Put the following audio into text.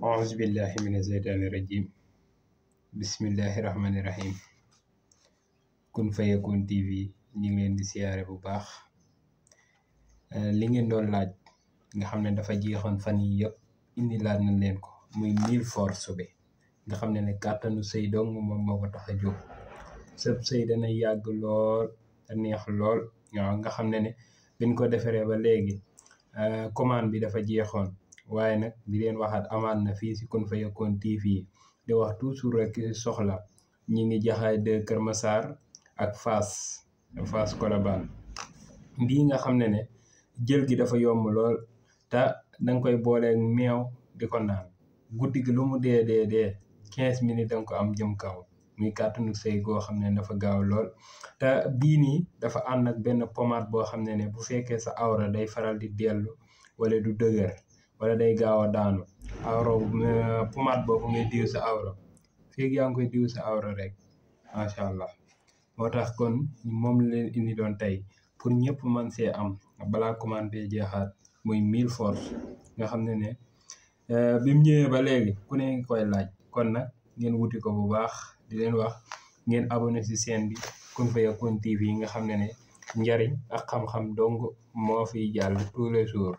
أعوذ بالله من الشيطان الرجيم بسم الله الرحمن TV ñu leen di siyaare bu baax eh, li ngeen doon laaj nga xam ne dafa jeexoon fan yi yëpp indi laaj nañ leen ko muy mille force bi nga xam ne ne kàttanu sëy dong moom moo ko tax a jóg sëb sëy dana yàgg lool te neex lool waaw nga xam ne ne biñ ko defaree ba léegi eh, commande bi dafa jeexoon waaye nag bi leen waxaat amaan na fii si Kun Fayakoun fii di wax toujours rek soxla ñi ngi jaxaay de Kër Massar ak Fass Fass Colobane bii nga xam ne ne jël gi dafa yomb lool te danga koy booleeg meew di ko naan guddi lu mu dee dee dee quinze minutes danga ko am jëm kaw muy kàttanu sëy goo xam ne dafa gaaw lool te bii nii dafa ànd ak benn pommade boo xam ne ne bu fekkee sa awra day faral di dellu wala du dëgër wala day gaaw a daanu awra eh, pommade boobu ngay diw sa awra fii yaa ngi koy diw sa awra rek macha allah moo tax kon moom leen indi doon tey pour ñëpp man see am balaa commande bi jeexaat muy mille force nga xam ne ne eh, bi mu ñëwee ba léegi ku ne ngi laaj kon nag ngeen wuti ko bu baax di leen wax ngeen abonné si chaîne bi Kun Fayakoun TV nga xam ne ne njariñ ak xam-xam dong moo fiy jàll tous les jours